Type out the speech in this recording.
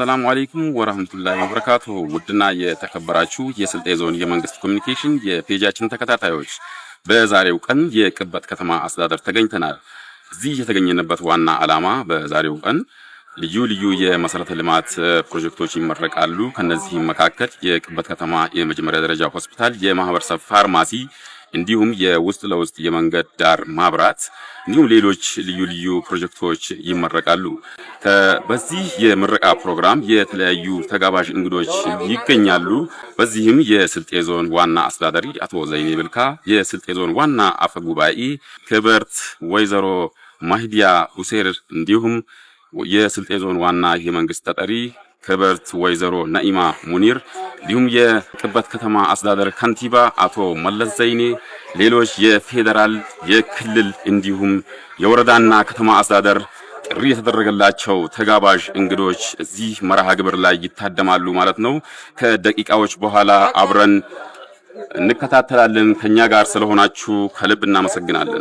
ሰላም አለይኩም ወራህመቱላሂ ወበረካቱ። ውድና የተከበራችሁ የስልጤ ዞን የመንግስት ኮሚኒኬሽን የፔጃችን ተከታታዮች በዛሬው ቀን የቅበት ከተማ አስተዳደር ተገኝተናል። እዚህ የተገኘንበት ዋና ዓላማ በዛሬው ቀን ልዩ ልዩ የመሰረተ ልማት ፕሮጀክቶች ይመረቃሉ። ከነዚህም መካከል የቅበት ከተማ የመጀመሪያ ደረጃ ሆስፒታል፣ የማህበረሰብ ፋርማሲ እንዲሁም የውስጥ ለውስጥ የመንገድ ዳር ማብራት እንዲሁም ሌሎች ልዩ ልዩ ፕሮጀክቶች ይመረቃሉ። በዚህ የምረቃ ፕሮግራም የተለያዩ ተጋባዥ እንግዶች ይገኛሉ። በዚህም የስልጤ ዞን ዋና አስተዳዳሪ አቶ ዘይኔ ብልካ፣ የስልጤ ዞን ዋና አፈ ጉባኤ ክብርት ወይዘሮ ማህዲያ ሁሴር እንዲሁም የስልጤ ዞን ዋና የመንግስት ተጠሪ ክብርት ወይዘሮ ነኢማ ሙኒር እንዲሁም የቅበት ከተማ አስተዳደር ከንቲባ አቶ መለስ ዘይኔ፣ ሌሎች የፌዴራል የክልል እንዲሁም የወረዳና ከተማ አስተዳደር ጥሪ የተደረገላቸው ተጋባዥ እንግዶች እዚህ መርሃ ግብር ላይ ይታደማሉ ማለት ነው። ከደቂቃዎች በኋላ አብረን እንከታተላለን። ከኛ ጋር ስለሆናችሁ ከልብ እናመሰግናለን።